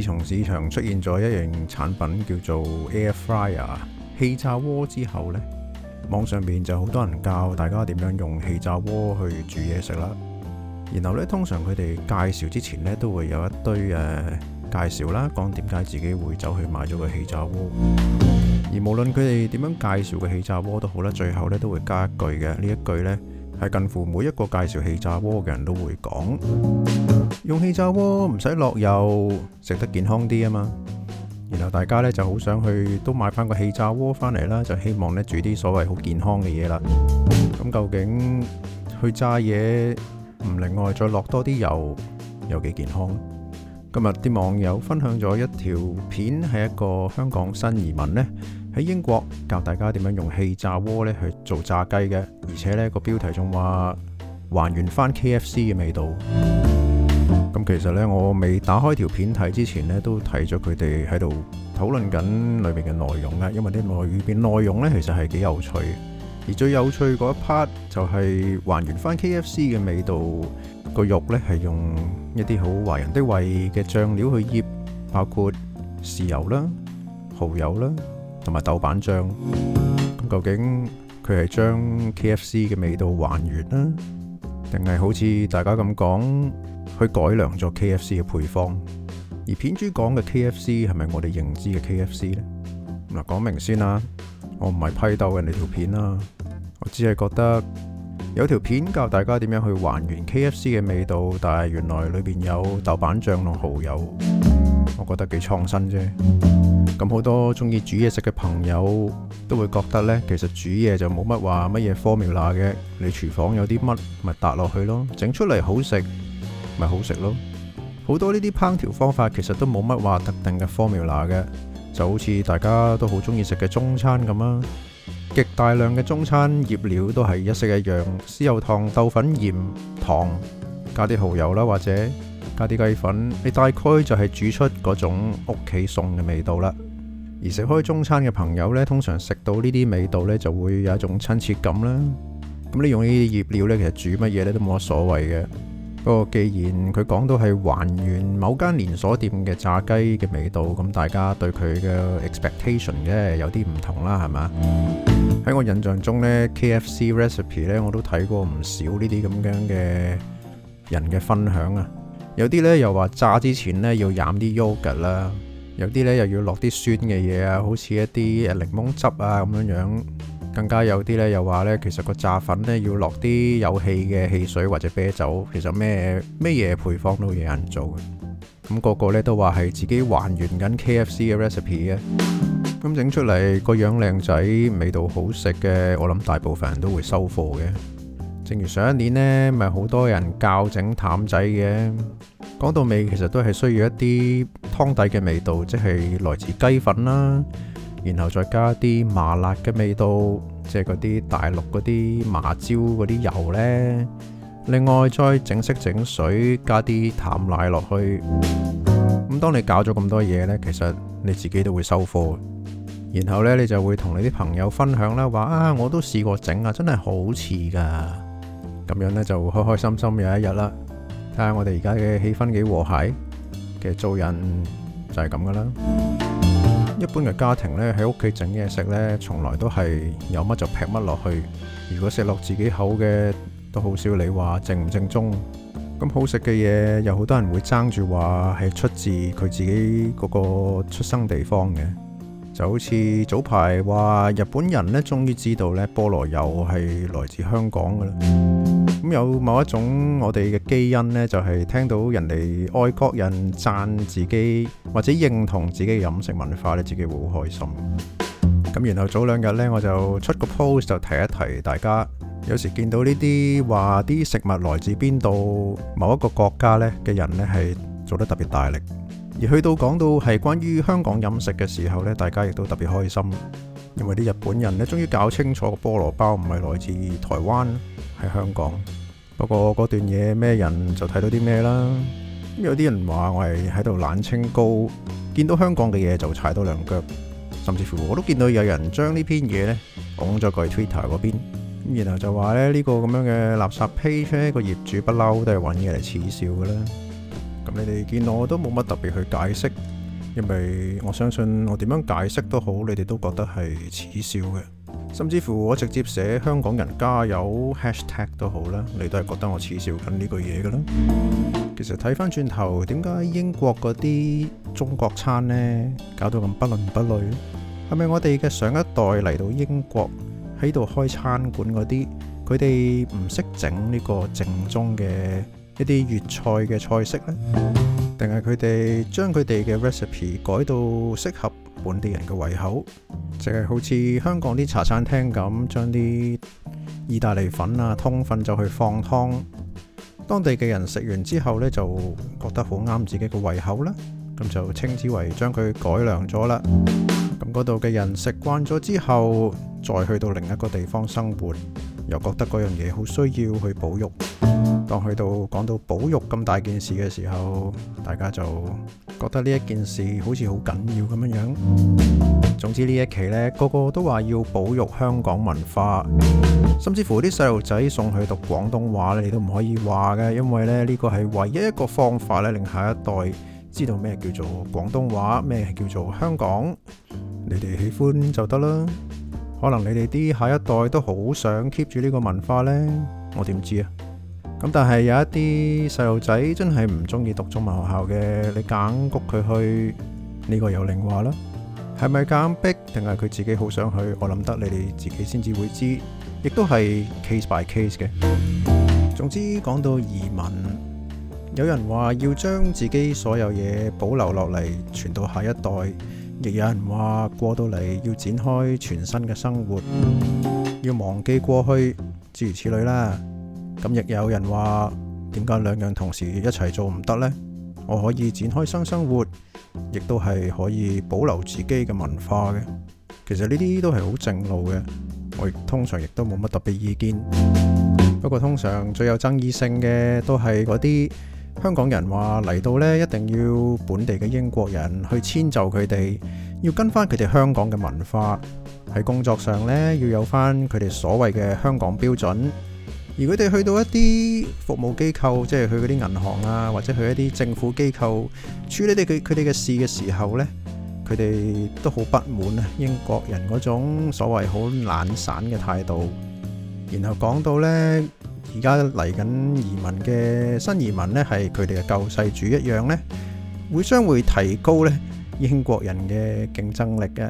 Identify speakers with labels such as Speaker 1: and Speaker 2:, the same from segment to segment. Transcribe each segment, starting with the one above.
Speaker 1: 自從市場出現咗一樣產品叫做 Air Fryer 氣炸鍋之後呢，網上面就好多人教大家點樣用氣炸鍋去煮嘢食啦。然後呢，通常佢哋介紹之前呢，都會有一堆誒、啊、介紹啦，講點解自己會走去買咗個氣炸鍋。而無論佢哋點樣介紹個氣炸鍋都好啦，最後呢都會加一句嘅，呢一句呢，係近乎每一個介紹氣炸鍋嘅人都會講。用氣炸鍋唔使落油，食得健康啲啊嘛。然後大家呢就好想去都買翻個氣炸鍋翻嚟啦，就希望呢煮啲所謂好健康嘅嘢啦。咁究竟去炸嘢唔另外再落多啲油，有幾健康？今日啲網友分享咗一條片，係一個香港新移民呢喺英國教大家點樣用氣炸鍋呢去做炸雞嘅，而且呢、那個標題仲話還原翻 KFC 嘅味道。咁其實咧，我未打開條片睇之前咧，都睇咗佢哋喺度討論緊裏面嘅內容啦。因為啲外語片內容咧，其實係幾有趣。而最有趣嗰一 part 就係還原返 KFC 嘅味道。個肉咧係用一啲好華人的胃嘅醬料去醃，包括豉油啦、蠔油啦，同埋豆瓣醬。咁究竟佢係將 KFC 嘅味道還原啦，定係好似大家咁講？去改良咗 KFC 嘅配方，而片主講嘅 KFC 係咪我哋認知嘅 KFC 呢？嗱，講明先啦，我唔係批鬥人哋條片啦，我只係覺得有條片教大家點樣去還原 KFC 嘅味道，但係原來裏邊有豆瓣醬同蠔油，我覺得幾創新啫。咁好多中意煮嘢食嘅朋友都會覺得呢，其實煮嘢就冇乜話乜嘢 formula 嘅，你廚房有啲乜咪搭落去咯，整出嚟好食。咪好食咯！好多呢啲烹調方法其實都冇乜話特定嘅 formula 嘅，就好似大家都好中意食嘅中餐咁啊。極大量嘅中餐醃料都係一式一樣，豉油、糖、豆粉、鹽、糖，加啲蚝油啦，或者加啲雞粉，你大概就係煮出嗰種屋企餸嘅味道啦。而食開中餐嘅朋友呢，通常食到呢啲味道呢，就會有一種親切感啦。咁你用呢啲醃料呢，其實煮乜嘢呢都冇乜所謂嘅。不過既然佢講到係還原某間連鎖店嘅炸雞嘅味道，咁大家對佢嘅 expectation 咧有啲唔同啦，係嘛？喺 我印象中呢 KFC recipe 呢我都睇過唔少呢啲咁樣嘅人嘅分享啊，有啲呢又話炸之前呢要飲啲 yogurt 啦，有啲呢又要落啲酸嘅嘢啊，好似一啲檸檬汁啊咁樣樣。更加有啲咧，又話呢，其實個炸粉呢要落啲有氣嘅汽水或者啤酒，其實咩咩嘢配方都有人做嘅。咁個個呢都話係自己還原緊 K F C 嘅 recipe 嘅。咁整出嚟個樣靚仔，味道好食嘅，我諗大部分人都會收貨嘅。正如上一年呢，咪好多人教整淡仔嘅。講到尾，其實都係需要一啲湯底嘅味道，即係來自雞粉啦。然後再加啲麻辣嘅味道，即係嗰啲大陸嗰啲麻椒嗰啲油呢。另外再整色整水，加啲淡奶落去。咁當你搞咗咁多嘢呢，其實你自己都會收貨。然後呢，你就會同你啲朋友分享啦，話啊，我都試過整啊，真係好似噶。咁樣呢就開開心心有一日啦。睇下，我哋而家嘅氣氛幾和諧。嘅做人就係咁噶啦。一般嘅家庭呢，喺屋企整嘢食呢，從來都係有乜就劈乜落去。如果食落自己口嘅，都好少你話正唔正宗。咁好食嘅嘢，有好多人會爭住話係出自佢自己嗰個出生地方嘅。就好似早排話日本人呢，終於知道呢，菠蘿油係來自香港嘅啦。咁有某一種我哋嘅基因呢，就係聽到人哋外國人讚自己或者認同自己嘅飲食文化呢，自己會好開心。咁然後早兩日呢，我就出個 post 就提一提大家。有時見到呢啲話啲食物來自邊度某一個國家呢嘅人呢，係做得特別大力。而去到講到係關於香港飲食嘅時候呢，大家亦都特別開心，因為啲日本人呢終於搞清楚個菠蘿包唔係來自台灣，喺香港，不過嗰段嘢咩人就睇到啲咩啦。有啲人話我係喺度冷清高，見到香港嘅嘢就踩多兩腳。甚至乎我都見到有人將呢篇嘢呢講咗過去 Twitter 嗰邊，然後就話咧，呢個咁樣嘅垃圾 page 個業主不嬲都係揾嘢嚟恥笑㗎啦。咁你哋見到我都冇乜特別去解釋，因為我相信我點樣解釋都好，你哋都覺得係恥笑嘅。甚至乎我直接寫香港人加油 hashtag 都好啦，你都係覺得我恥笑緊呢句嘢㗎啦。其實睇返轉頭，點解英國嗰啲中國餐呢搞到咁不倫不類咧？係咪我哋嘅上一代嚟到英國喺度開餐館嗰啲，佢哋唔識整呢個正宗嘅一啲粵菜嘅菜式呢？定係佢哋將佢哋嘅 recipe 改到適合？本地人嘅胃，胃口，就係好似香港啲茶餐廳咁，將啲意大利粉啊、通粉就去放湯，當地嘅人食完之後呢，就覺得好啱自己嘅胃口啦，咁就稱之為將佢改良咗啦。咁嗰度嘅人食慣咗之後，再去到另一個地方生活。又覺得嗰樣嘢好需要去保育。當去到講到保育咁大件事嘅時候，大家就覺得呢一件事好似好緊要咁樣樣。總之呢一期呢個個都話要保育香港文化，甚至乎啲細路仔送去讀廣東話咧，你都唔可以話嘅，因為咧呢個係唯一一個方法咧，令下一代知道咩叫做廣東話，咩叫做香港。你哋喜歡就得啦。可能你哋啲下一代都好想 keep 住呢個文化呢，我點知啊？咁但係有一啲細路仔真係唔中意讀中文學校嘅，你硬谷佢去呢、這個又另話啦。係咪硬逼定係佢自己好想去？我諗得你哋自己先至會知道，亦都係 case by case 嘅。總之講到移民，有人話要將自己所有嘢保留落嚟，傳到下一代。亦有人話過到嚟要展開全新嘅生活，要忘記過去，諸如此類啦。咁亦有人話點解兩樣同時一齊做唔得呢？我可以展開新生活，亦都係可以保留自己嘅文化嘅。其實呢啲都係好正路嘅，我亦通常亦都冇乜特別意見。不過通常最有爭議性嘅都係嗰啲。香港人話嚟到呢，一定要本地嘅英國人去遷就佢哋，要跟翻佢哋香港嘅文化。喺工作上呢，要有翻佢哋所謂嘅香港標準。而佢哋去到一啲服務機構，即係去嗰啲銀行啊，或者去一啲政府機構處理啲佢佢哋嘅事嘅時候呢，佢哋都好不滿啊！英國人嗰種所謂好懶散嘅態度。然後講到呢，而家嚟緊移民嘅新移民呢，係佢哋嘅救世主一樣呢，會將會提高呢英國人嘅競爭力嘅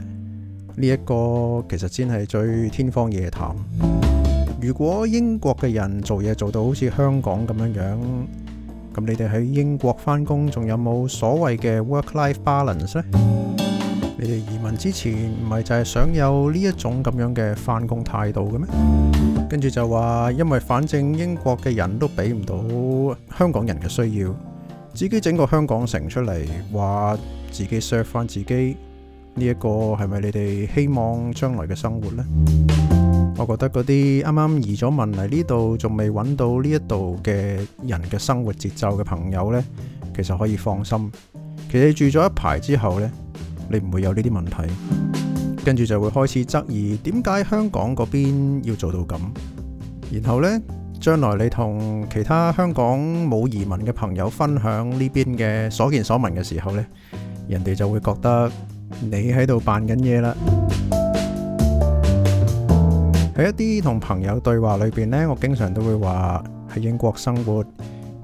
Speaker 1: 呢一個，其實先係最天方夜譚。如果英國嘅人做嘢做到好似香港咁樣樣，咁你哋喺英國返工仲有冇所謂嘅 work-life balance 呢？你哋移民之前唔係就係想有呢一種咁樣嘅翻工態度嘅咩？跟住就話，因為反正英國嘅人都俾唔到香港人嘅需要，自己整個香港城出嚟，話自己 serve 翻自己呢一、這個係咪？你哋希望將來嘅生活咧？我覺得嗰啲啱啱移咗民嚟呢度，仲未揾到呢一度嘅人嘅生活節奏嘅朋友咧，其實可以放心。其實住咗一排之後咧。你唔會有呢啲問題，跟住就會開始質疑點解香港嗰邊要做到咁，然後呢，將來你同其他香港冇移民嘅朋友分享呢邊嘅所見所聞嘅時候呢，人哋就會覺得你喺度扮緊嘢啦。喺一啲同朋友對話裏邊呢，我經常都會話喺英國生活，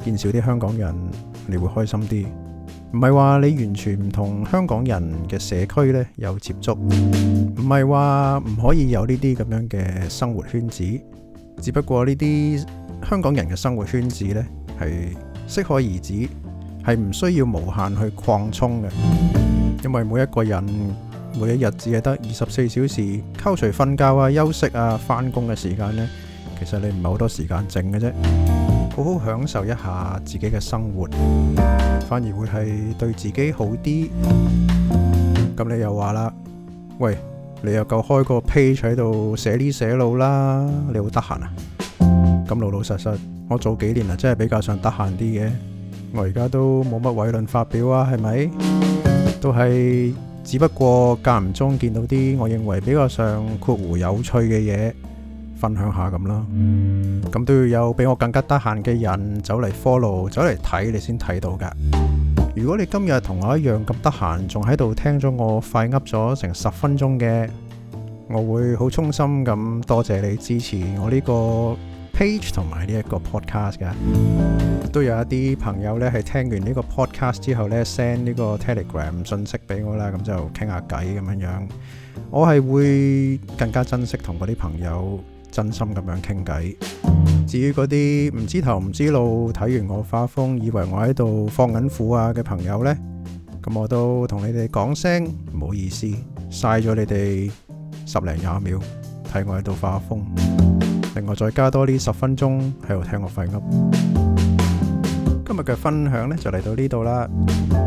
Speaker 1: 見少啲香港人，你會開心啲。唔係話你完全唔同香港人嘅社區咧有接觸，唔係話唔可以有呢啲咁樣嘅生活圈子，只不過呢啲香港人嘅生活圈子呢，係適可而止，係唔需要無限去擴充嘅，因為每一個人每一日只係得二十四小時，扣除瞓覺啊、休息啊、返工嘅時間呢，其實你唔係好多時間剩嘅啫。好好享受一下自己嘅生活，反而會係對自己好啲。咁你又話啦，喂，你又夠開個 page 喺度寫呢寫路啦，你好得閒啊？咁老老實實，我早幾年啊，真係比較想得閒啲嘅。我而家都冇乜偉論發表啊，係咪？都係只不過間唔中見到啲我認為比較上括弧有趣嘅嘢。分享下咁啦，咁都要有比我更加得閒嘅人走嚟 follow，走嚟睇你先睇到噶。如果你今日同我一樣咁得閒，仲喺度聽咗我快噏咗成十分鐘嘅，我會好衷心咁多謝你支持我呢個 page 同埋呢一個 podcast 噶。都有一啲朋友呢係聽完呢個 podcast 之後呢 send 呢個 telegram 信息俾我啦，咁就傾下偈咁樣樣。我係會更加珍惜同嗰啲朋友，真心咁樣傾偈。至於嗰啲唔知頭唔知路，睇完我發瘋，以為我喺度放緊苦啊嘅朋友咧，咁我都同你哋講聲唔好意思，嘥咗你哋十零廿秒睇我喺度發瘋，另外再加多啲十分鐘喺度聽我廢噏。今日嘅分享咧就嚟到呢度啦。